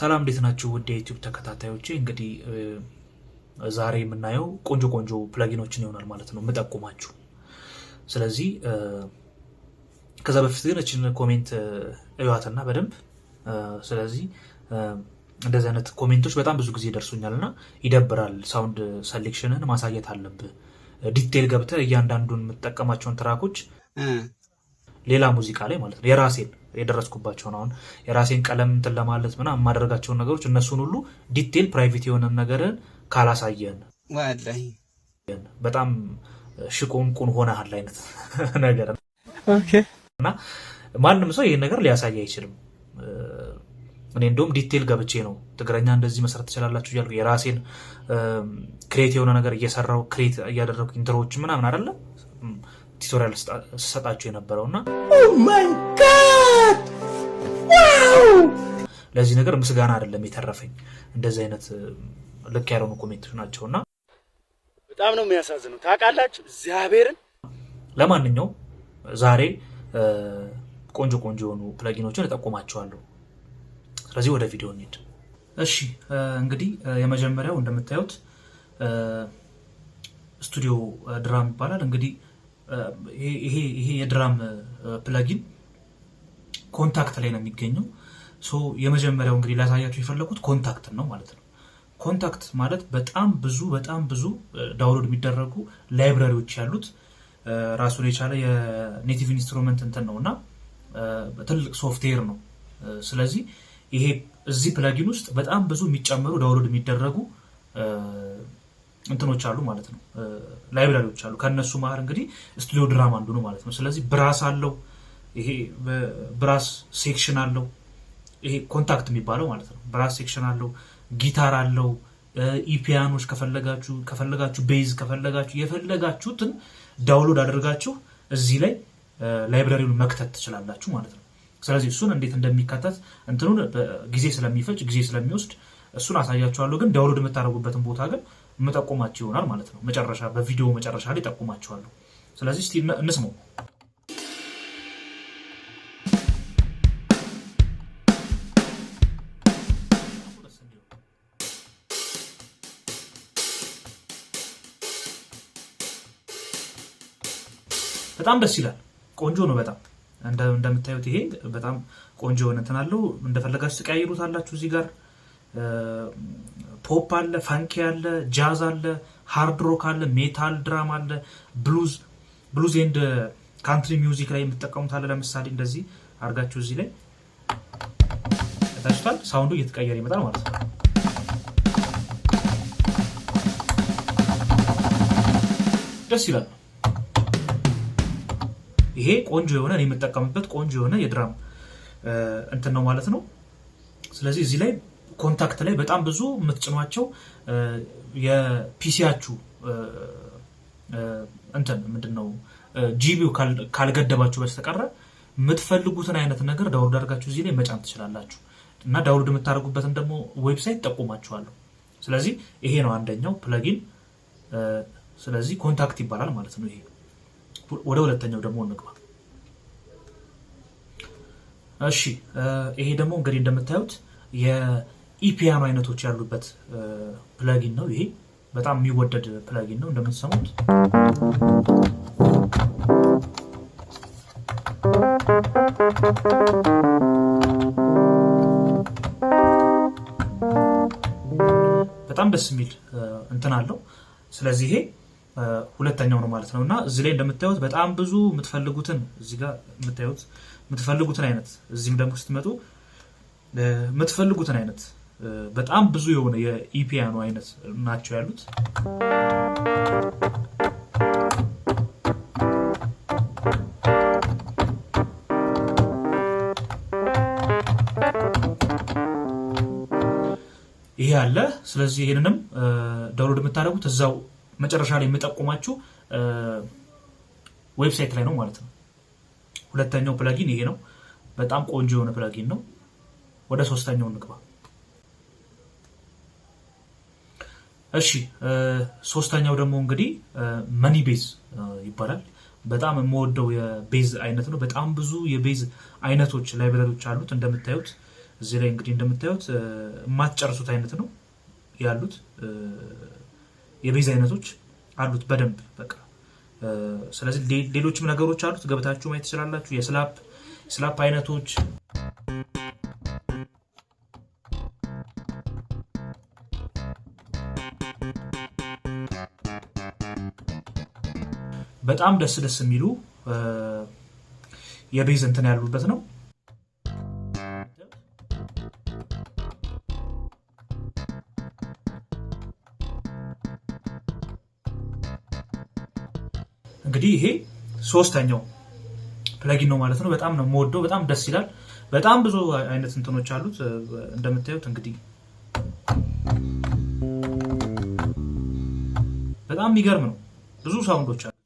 ሰላም እንዴት ናችሁ? ውድ የዩቲዩብ ተከታታዮቼ እንግዲህ ዛሬ የምናየው ቆንጆ ቆንጆ ፕለጊኖችን ይሆናል ማለት ነው የምጠቁማችሁ። ስለዚህ ከዛ በፊት ግን እችን ኮሜንት እዩዋትና በደንብ ስለዚህ እንደዚህ አይነት ኮሜንቶች በጣም ብዙ ጊዜ ደርሶኛል እና ይደብራል። ሳውንድ ሰሌክሽንን ማሳየት አለብህ። ዲቴል ገብተህ እያንዳንዱን የምትጠቀማቸውን ትራኮች ሌላ ሙዚቃ ላይ ማለት ነው የራሴን የደረስኩባቸውን አሁን የራሴን ቀለም እንትን ለማለት ምና የማደርጋቸውን ነገሮች እነሱን ሁሉ ዲቴል ፕራይቬት የሆነን ነገርን ካላሳየን በጣም ሽቆንቁን ሆነሃል አይነት ነገር እና ማንም ሰው ይህን ነገር ሊያሳይ አይችልም። እኔ እንደውም ዲቴል ገብቼ ነው ትግረኛ እንደዚህ መስራት ትችላላችሁ እያልኩ የራሴን ክሬት የሆነ ነገር እየሰራው ክሬት እያደረጉ ኢንትሮዎች ምናምን አይደለም ቲቶሪያል ስሰጣችሁ የነበረውና ለዚህ ነገር ምስጋና አይደለም የተረፈኝ፣ እንደዚህ አይነት ልክ ያልሆኑ ኮሜንቶች ናቸው እና በጣም ነው የሚያሳዝነው። ታውቃላችሁ እግዚአብሔርን። ለማንኛውም ዛሬ ቆንጆ ቆንጆ የሆኑ ፕለጊኖችን እጠቁማቸዋለሁ። ስለዚህ ወደ ቪዲዮ እንሂድ። እሺ እንግዲህ የመጀመሪያው እንደምታዩት ስቱዲዮ ድራም ይባላል። እንግዲህ ይሄ የድራም ፕለጊን ኮንታክት ላይ ነው የሚገኘው። የመጀመሪያው እንግዲህ ላሳያቸው የፈለጉት ኮንታክትን ነው ማለት ነው። ኮንታክት ማለት በጣም ብዙ በጣም ብዙ ዳውንሎድ የሚደረጉ ላይብራሪዎች ያሉት ራሱን የቻለ የኔቲቭ ኢንስትሩመንት እንትን ነው እና ትልቅ ሶፍትዌር ነው። ስለዚህ ይሄ እዚህ ፕለጊን ውስጥ በጣም ብዙ የሚጨመሩ ዳውንሎድ የሚደረጉ እንትኖች አሉ ማለት ነው፣ ላይብራሪዎች አሉ። ከእነሱ መሀል እንግዲህ ስቱዲዮ ድራማ አንዱ ነው ማለት ነው። ስለዚህ ብራስ አለው ይሄ ብራስ ሴክሽን አለው። ይሄ ኮንታክት የሚባለው ማለት ነው። ብራስ ሴክሽን አለው፣ ጊታር አለው፣ ኢፒያኖች ከፈለጋችሁ ከፈለጋችሁ ቤዝ ከፈለጋችሁ የፈለጋችሁትን ዳውንሎድ አድርጋችሁ እዚህ ላይ ላይብራሪውን መክተት ትችላላችሁ ማለት ነው። ስለዚህ እሱን እንዴት እንደሚካተት እንትኑን ጊዜ ስለሚፈጅ ጊዜ ስለሚወስድ እሱን አሳያችኋለሁ። ግን ዳውንሎድ የምታደርጉበትን ቦታ ግን የምጠቁማችሁ ይሆናል ማለት ነው። መጨረሻ በቪዲዮ መጨረሻ ላይ ጠቁማችኋለሁ። ስለዚህ እስቲ እንስማው። በጣም ደስ ይላል። ቆንጆ ነው በጣም እንደምታዩት ይሄ በጣም ቆንጆ የሆነ እንትን አለው። እንደፈለጋችሁ ትቀያይሩት አላችሁ። እዚህ ጋር ፖፕ አለ፣ ፋንኪ አለ፣ ጃዝ አለ፣ ሃርድ ሮክ አለ፣ ሜታል ድራም አለ፣ ብሉዝ ብሉዝ ኤንድ ካንትሪ ሚውዚክ ላይ የምትጠቀሙት አለ። ለምሳሌ እንደዚህ አድርጋችሁ እዚህ ላይ ታችታል። ሳውንዱ እየተቀየረ ይመጣል ማለት ነው። ደስ ይላል። ይሄ ቆንጆ የሆነ እኔ የምጠቀምበት ቆንጆ የሆነ የድራም እንትን ነው ማለት ነው። ስለዚህ እዚህ ላይ ኮንታክት ላይ በጣም ብዙ የምትጭኗቸው የፒሲያችሁ እንትን ምንድን ነው ጂቢው ካልገደባችሁ በስተቀረ የምትፈልጉትን አይነት ነገር ዳውሎድ አድርጋችሁ እዚህ ላይ መጫን ትችላላችሁ። እና ዳውሎድ የምታደርጉበትን ደግሞ ዌብሳይት ጠቁማችኋለሁ። ስለዚህ ይሄ ነው አንደኛው ፕለጊን። ስለዚህ ኮንታክት ይባላል ማለት ነው ይሄ ወደ ሁለተኛው ደግሞ እንግባ። እሺ ይሄ ደግሞ እንግዲህ እንደምታዩት የኢፒያኖ አይነቶች ያሉበት ፕለጊን ነው። ይሄ በጣም የሚወደድ ፕለጊን ነው እንደምትሰሙት በጣም ደስ የሚል እንትን አለው። ስለዚህ ይሄ ሁለተኛው ነው ማለት ነው እና እዚህ ላይ እንደምታዩት በጣም ብዙ የምትፈልጉትን እዚህ ጋር የምታዩት የምትፈልጉትን አይነት እዚህም ደግሞ ስትመጡ የምትፈልጉትን አይነት በጣም ብዙ የሆነ የኢፒያኖ አይነት ናቸው ያሉት። ይሄ አለ። ስለዚህ ይህንንም ዳውንሎድ የምታደርጉት እዛው መጨረሻ ላይ የምጠቁማችሁ ዌብሳይት ላይ ነው ማለት ነው። ሁለተኛው ፕላጊን ይሄ ነው። በጣም ቆንጆ የሆነ ፕላጊን ነው። ወደ ሶስተኛው እንግባ። እሺ ሶስተኛው ደግሞ እንግዲህ መኒ ቤዝ ይባላል። በጣም የምወደው የቤዝ አይነት ነው። በጣም ብዙ የቤዝ አይነቶች ላይብረሪዎች አሉት እንደምታዩት እዚህ ላይ እንግዲህ እንደምታዩት የማትጨርሱት አይነት ነው ያሉት የቤዝ አይነቶች አሉት በደንብ በቃ። ስለዚህ ሌሎችም ነገሮች አሉት ገብታችሁ ማየት ትችላላችሁ። የስላፕ ስላፕ አይነቶች በጣም ደስ ደስ የሚሉ የቤዝ እንትን ያሉበት ነው። እንግዲህ ይሄ ሶስተኛው ፕለጊን ነው ማለት ነው። በጣም ነው የምወደው። በጣም ደስ ይላል። በጣም ብዙ አይነት እንትኖች አሉት እንደምታዩት እንግዲህ በጣም የሚገርም ነው። ብዙ ሳውንዶች አሉት።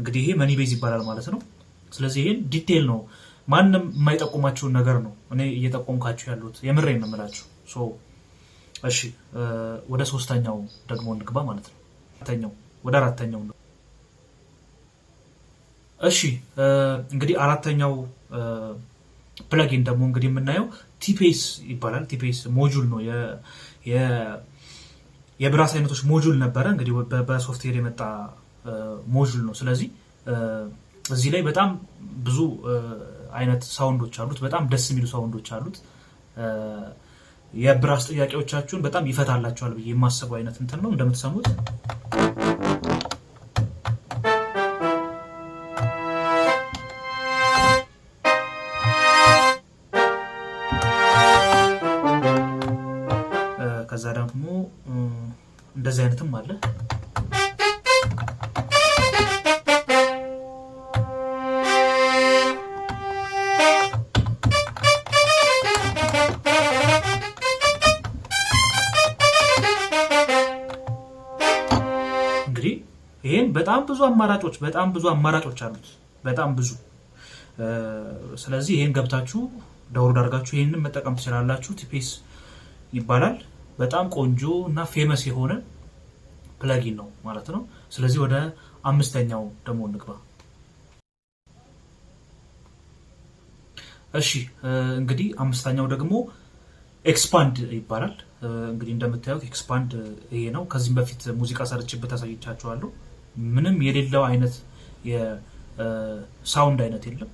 እንግዲህ ይሄ መኒ ቤዝ ይባላል ማለት ነው። ስለዚህ ይሄን ዲቴል ነው ማንም የማይጠቁማችሁን ነገር ነው እኔ እየጠቆምካችሁ ያሉት የምሬ ነው የምላችሁ። እሺ ወደ ሶስተኛው ደግሞ እንግባ ማለት ነው። አራተኛው ወደ አራተኛው እሺ እንግዲህ አራተኛው ፕለጊን ደግሞ እንግዲህ የምናየው ቲፔስ ይባላል። ቲፔስ ሞጁል ነው የብራስ አይነቶች ሞጁል ነበረ እንግዲህ በሶፍትዌር የመጣ ሞጁል ነው። ስለዚህ እዚህ ላይ በጣም ብዙ አይነት ሳውንዶች አሉት። በጣም ደስ የሚሉ ሳውንዶች አሉት። የብራስ ጥያቄዎቻችሁን በጣም ይፈታላችኋል ብዬ የማስበው አይነት እንትን ነው። እንደምትሰሙት ከዛ ደግሞ እንደዚህ አይነትም አለ። ብዙ አማራጮች በጣም ብዙ አማራጮች አሉት። በጣም ብዙ። ስለዚህ ይህን ገብታችሁ ዳውንሎድ ዳርጋችሁ ይህንን መጠቀም ትችላላችሁ። ቲፔስ ይባላል። በጣም ቆንጆ እና ፌመስ የሆነ ፕለጊን ነው ማለት ነው። ስለዚህ ወደ አምስተኛው ደግሞ እንግባ። እሺ እንግዲህ አምስተኛው ደግሞ ኤክስፓንድ ይባላል። እንግዲህ እንደምታዩት ኤክስፓንድ ይሄ ነው። ከዚህም በፊት ሙዚቃ ሰርችበት አሳይቻችኋለሁ። ምንም የሌለው አይነት የሳውንድ አይነት የለም።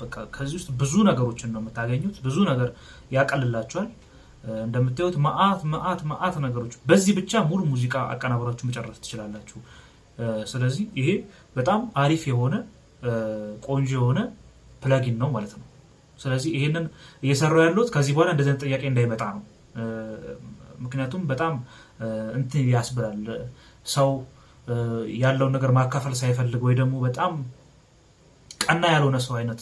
በቃ ከዚህ ውስጥ ብዙ ነገሮችን ነው የምታገኙት። ብዙ ነገር ያቀልላቸዋል እንደምታዩት መአት መአት መአት ነገሮች በዚህ ብቻ ሙሉ ሙዚቃ አቀናብራችሁ መጨረስ ትችላላችሁ። ስለዚህ ይሄ በጣም አሪፍ የሆነ ቆንጆ የሆነ ፕለጊን ነው ማለት ነው። ስለዚህ ይሄንን እየሰራው ያለሁት ከዚህ በኋላ እንደዚህ ጥያቄ እንዳይመጣ ነው። ምክንያቱም በጣም እንትን ያስብላል ሰው ያለውን ነገር ማካፈል ሳይፈልግ ወይ ደግሞ በጣም ቀና ያልሆነ ሰው አይነት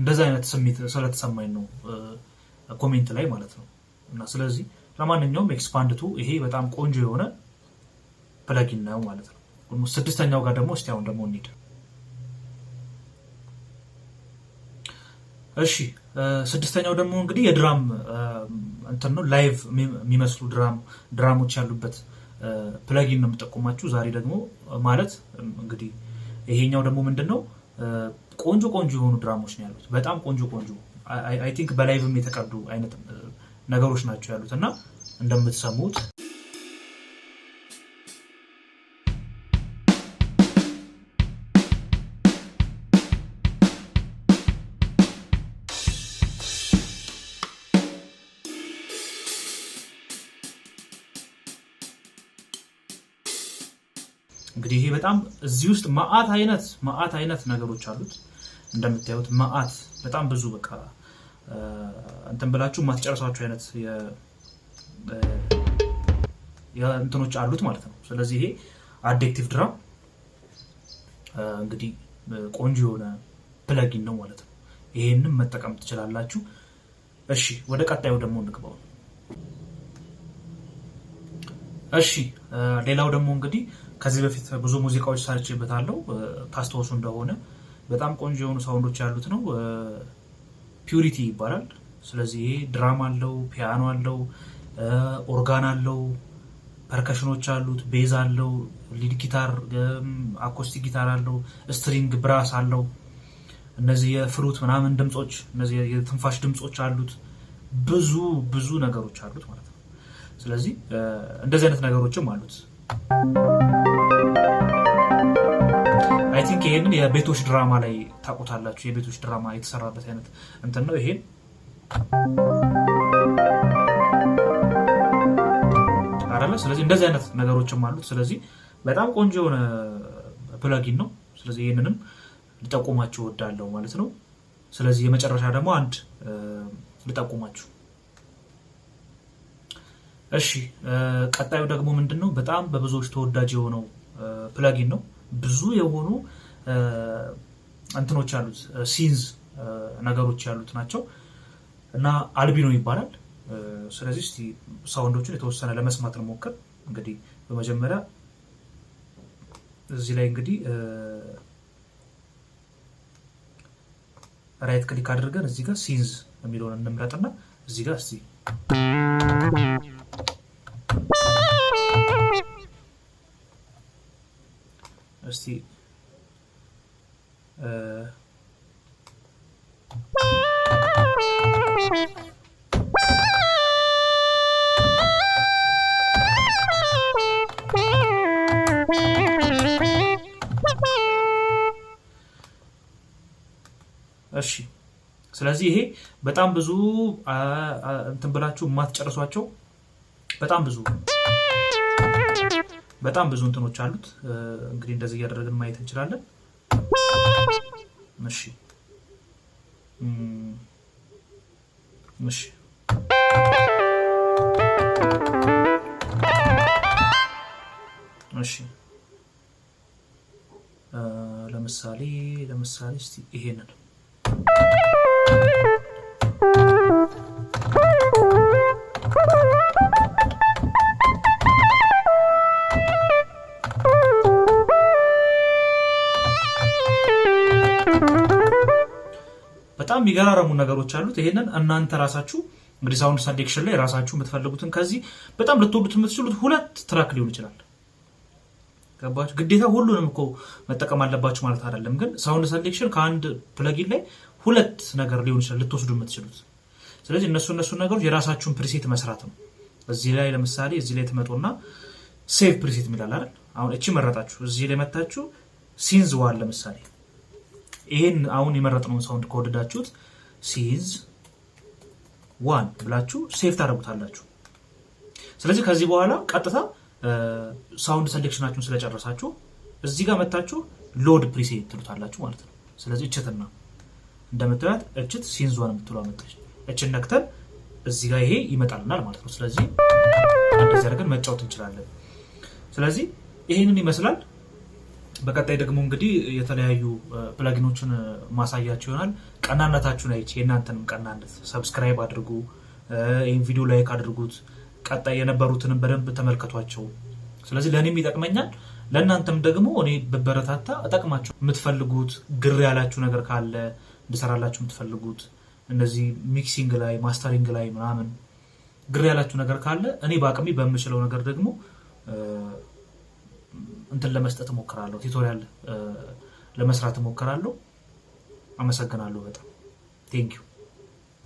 እንደዚህ አይነት ስሜት ስለተሰማኝ ነው ኮሜንት ላይ ማለት ነው። እና ስለዚህ ለማንኛውም ኤክስፓንድቱ ይሄ በጣም ቆንጆ የሆነ ፕለጊን ነው ማለት ነው። ስድስተኛው ጋር ደግሞ እስቲ አሁን ደግሞ እንሂድ። እሺ ስድስተኛው ደግሞ እንግዲህ የድራም እንትን ነው ላይቭ የሚመስሉ ድራሞች ያሉበት ፕለጊን ነው የምጠቁማችሁ ዛሬ ደግሞ ማለት እንግዲህ ይሄኛው ደግሞ ምንድን ነው ቆንጆ ቆንጆ የሆኑ ድራሞች ነው ያሉት። በጣም ቆንጆ ቆንጆ አይ ቲንክ በላይቭም የተቀዱ አይነት ነገሮች ናቸው ያሉት እና እንደምትሰሙት እንግዲህ ይሄ በጣም እዚህ ውስጥ ማአት አይነት ማአት አይነት ነገሮች አሉት። እንደምታዩት ማአት በጣም ብዙ በቃ እንትን ብላችሁ ማትጨርሳችሁ አይነት የእንትኖች አሉት ማለት ነው። ስለዚህ ይሄ አዴክቲቭ ድራም እንግዲህ ቆንጆ የሆነ ፕለጊን ነው ማለት ነው። ይሄንም መጠቀም ትችላላችሁ። እሺ ወደ ቀጣዩ ደግሞ እንግባው። እሺ ሌላው ደግሞ እንግዲህ ከዚህ በፊት ብዙ ሙዚቃዎች ሰርቼበታለሁ። ታስታውሱ እንደሆነ በጣም ቆንጆ የሆኑ ሳውንዶች ያሉት ነው። ፒውሪቲ ይባላል። ስለዚህ ይሄ ድራም አለው፣ ፒያኖ አለው፣ ኦርጋን አለው፣ ፐርከሽኖች አሉት፣ ቤዝ አለው፣ ሊድ ጊታር፣ አኮስቲክ ጊታር አለው፣ ስትሪንግ ብራስ አለው። እነዚህ የፍሉት ምናምን ድምፆች፣ እነዚህ የትንፋሽ ድምፆች አሉት። ብዙ ብዙ ነገሮች አሉት ማለት ነው። ስለዚህ እንደዚህ አይነት ነገሮችም አሉት። አይ ቲንክ ይሄንን የቤቶች ድራማ ላይ ታውቁታላችሁ። የቤቶች ድራማ የተሰራበት አይነት እንትን ነው ይሄን አለ። ስለዚህ እንደዚህ አይነት ነገሮችም አሉት። ስለዚህ በጣም ቆንጆ የሆነ ፕለጊን ነው። ስለዚህ ይህንንም ልጠቁማችሁ እወዳለሁ ማለት ነው። ስለዚህ የመጨረሻ ደግሞ አንድ ልጠቁማችሁ እሺ ቀጣዩ ደግሞ ምንድን ነው? በጣም በብዙዎች ተወዳጅ የሆነው ፕላጊን ነው። ብዙ የሆኑ እንትኖች ያሉት ሲንዝ ነገሮች ያሉት ናቸው እና አልቢኖ ይባላል። ስለዚህ እስቲ ሳውንዶቹን የተወሰነ ለመስማት እንሞክር። እንግዲህ በመጀመሪያ እዚህ ላይ እንግዲህ ራይት ክሊክ አድርገን እዚህ ጋር ሲንዝ የሚለውን እንምረጥና እዚህ ጋር እስቲ እሺ ስለዚህ ይሄ በጣም ብዙ እንትን ብላችሁ የማትጨርሷቸው በጣም ብዙ በጣም ብዙ እንትኖች አሉት። እንግዲህ እንደዚህ እያደረግን ማየት እንችላለን። እሺ እሺ እሺ ለምሳሌ ለምሳሌ ይሄንን በጣም የሚገራረሙ ነገሮች አሉት። ይሄንን እናንተ ራሳችሁ እንግዲህ ሳውንድ ሰሌክሽን ላይ ራሳችሁ የምትፈልጉትን ከዚህ በጣም ልትወዱት የምትችሉት ሁለት ትራክ ሊሆን ይችላል። ገባችሁ? ግዴታ ሁሉንም እኮ መጠቀም አለባችሁ ማለት አይደለም። ግን ሳውንድ ሰሌክሽን ከአንድ ፕለጊን ላይ ሁለት ነገር ሊሆን ይችላል ልትወስዱ የምትችሉት። ስለዚህ እነሱ እነሱ ነገሮች የራሳችሁን ፕሪሴት መስራት ነው። እዚህ ላይ ለምሳሌ እዚህ ላይ ትመጡና ሴቭ ፕሪሴት የሚላል አይደል? አሁን እቺ መረጣችሁ እዚህ ላይ መታችሁ ሲንዝ ዋል ለምሳሌ ይሄን አሁን የመረጥነውን ሳውንድ ከወደዳችሁት ሲዝ ዋን ብላችሁ ሴፍ ታደርጉታላችሁ። ስለዚህ ከዚህ በኋላ ቀጥታ ሳውንድ ሰሌክሽናችሁን ስለጨረሳችሁ እዚህ ጋር መታችሁ ሎድ ፕሪሴት ትሉታላችሁ ማለት ነው። ስለዚህ እችትና እንደምትላት እችት ሲንዟን የምትሏ መጣች። እችን ነክተን እዚህ ጋር ይሄ ይመጣልናል ማለት ነው። ስለዚህ እንደዚህ አድርገን መጫወት እንችላለን። ስለዚህ ይሄንን ይመስላል። በቀጣይ ደግሞ እንግዲህ የተለያዩ ፕላጊኖችን ማሳያቸው ይሆናል። ቀናነታችሁን አይች የእናንተንም ቀናነት ሰብስክራይብ አድርጉ፣ ይህም ቪዲዮ ላይክ አድርጉት፣ ቀጣይ የነበሩትንም በደንብ ተመልከቷቸው። ስለዚህ ለእኔም ይጠቅመኛል፣ ለእናንተም ደግሞ እኔ ብበረታታ እጠቅማቸው። የምትፈልጉት ግር ያላችሁ ነገር ካለ እንድሰራላችሁ የምትፈልጉት እነዚህ ሚክሲንግ ላይ ማስተሪንግ ላይ ምናምን ግር ያላችሁ ነገር ካለ እኔ በአቅሜ በምችለው ነገር ደግሞ እንትን ለመስጠት እሞክራለሁ፣ ቱቶሪያል ለመስራት እሞክራለሁ። አመሰግናለሁ በጣም ቴንኪዩ።